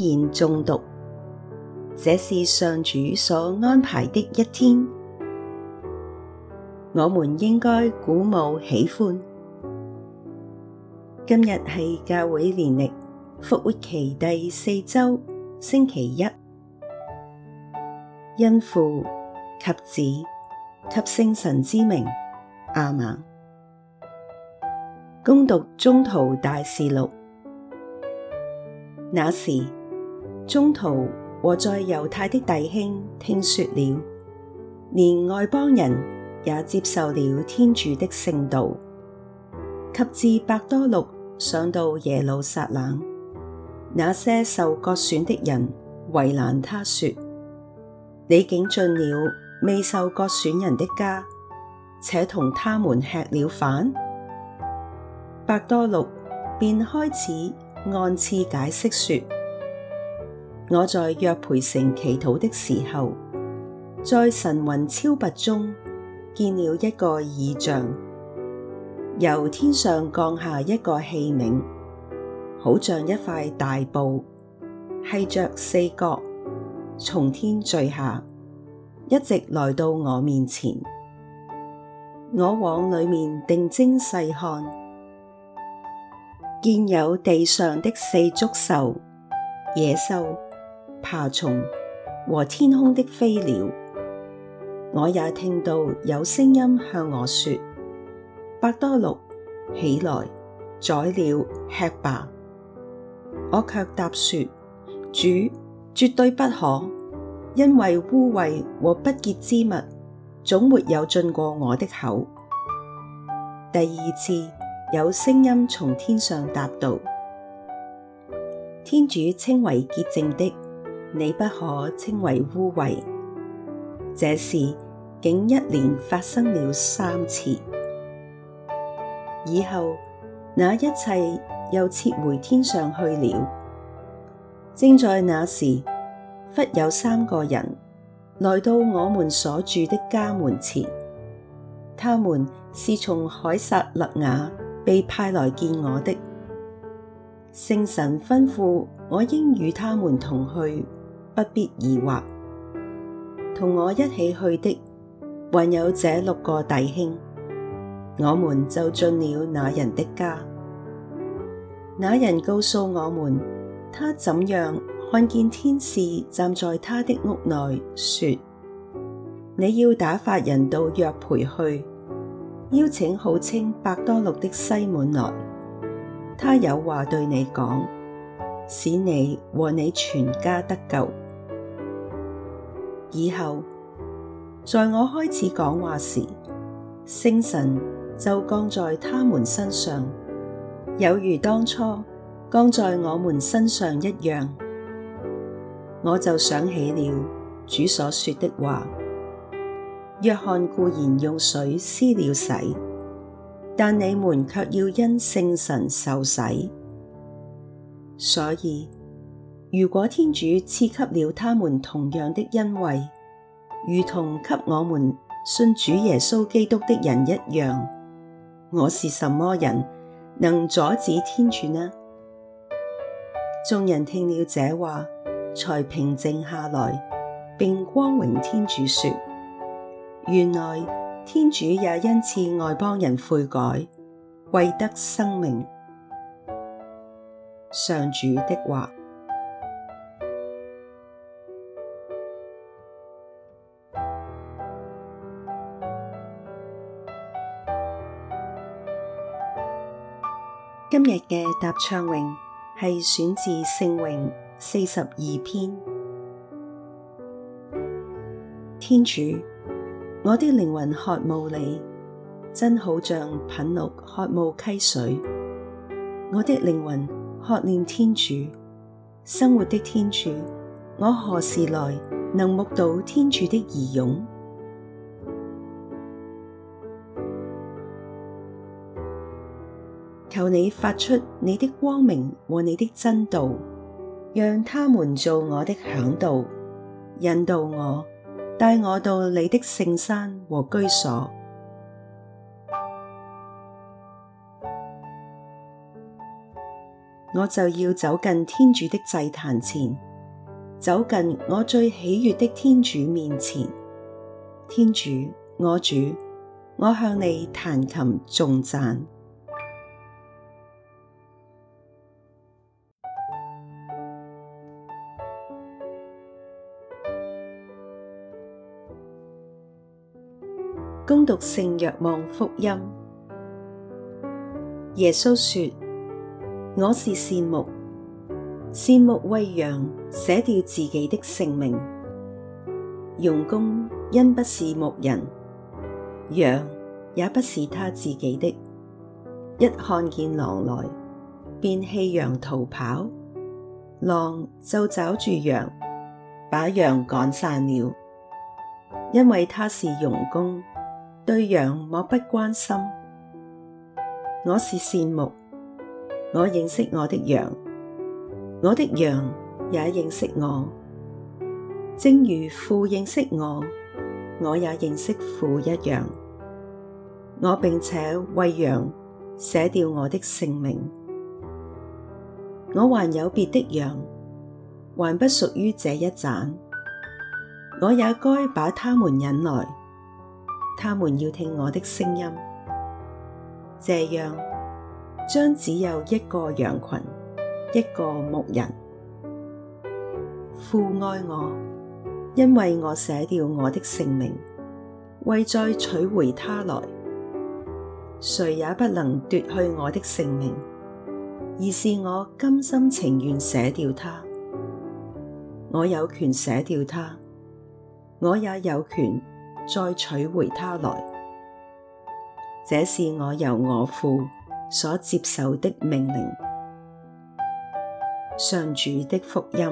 現中毒，這是上主所安排的一天，我們應該鼓舞喜歡。今日係教會年曆復活期第四周星期一，因父及子及聖神之名阿們，恭讀宗徒大事錄，那時。宗徒和在猶太的弟兄聽說了，連外邦人也接受了天主的聖道。及至伯多祿上到耶路撒冷，那些受割損的人為難他說：你竟進了未受割損人的家，且同他們吃了飯。伯多祿便開始按次解釋說。我在約培城祈禱的時候，在神魂超拔中見了一個異象，由天上降下一個器皿，好像一塊大布，繫着四角，從天縋下，一直來到我面前。我往裏面定睛細看，見有地上的四足獸、野獸。爬蟲和天空的飛鳥，我也聽到有聲音向我說：伯多祿起來，宰了，吃吧。我卻答說：主，絕對不可，因為污穢和不潔之物總沒有進過我的口。第二次有聲音從天上答道：天主稱為潔淨的。你不可稱為污穢，這事竟一連發生了三次。以後，那一切又撤回天上去了。正在那時，忽有三個人，來到我們所住的家門前，他們是從凱撒勒雅被派來見我的。聖神吩咐我應與他們同去。不必疑惑，同我一起去的還有這六個弟兄。我們就進了那人的家。那人告訴我們，他怎樣看見天使站在他的屋內，說：你要打發人到約培去，邀請號稱伯多祿的西滿來，他有話對你講，使你和你全家得救。以後，在我開始講話時，聖神就降在他們身上，有如當初降在我們身上一樣。我就想起了主所說的話：若翰固然用水施了洗，但你們卻要因聖神受洗。所以，如果天主賜給了他們同樣的恩惠，如同給我們信主耶穌基督的人一樣，我是什麼人能阻止天主呢？眾人聽了這話，才平靜下來，並光榮天主說：原來天主也恩賜外邦人悔改，為得生命。上主的話。今日嘅答唱詠係選自聖詠四十二篇。天主，我的靈魂渴慕你，真好像牝鹿渴慕溪水。我的靈魂渴念天主，生活的天主，我何時來，能目睹天主的儀容？求你發出你的光明和你的真道，讓他們做我的嚮導，引導我，帶我到你的聖山和居所。我就要走近天主的祭壇前，走近我最喜悅的天主面前。天主，我主，我向你彈琴頌讚。恭讀聖若望福音，耶穌說：我是善牧，善牧為羊，捨掉自己的性命。傭工因不是牧人，羊也不是他自己的，一看見狼來，便棄羊逃跑，狼就抓住羊，把羊趕散了，因為他是傭工。對羊漠不關心，我是善牧。我認識我的羊，我的羊也認識我，正如父認識我，我也認識父一樣。我並且為羊捨掉我的性命。我還有別的羊，還不屬於這一棧，我也該把他們引來。他們要聽我的聲音，這樣將只有一個羊群，一個牧人。父愛我，因為我捨掉我的性命，為再取回它來。誰也不能奪去我的性命，而是我甘心情願捨掉它。我有權捨掉它，我也有權。再取回它來，這是我由我父所接受的命令。上主的福音。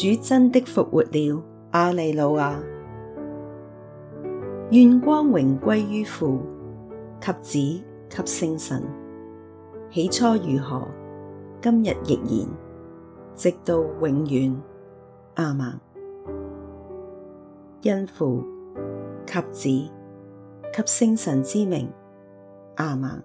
主真的復活了，阿利路亞！願光榮歸於父、及子、及聖神。起初如何，今日亦然，直到永遠，阿們。因父、及子、及聖神之名，阿們。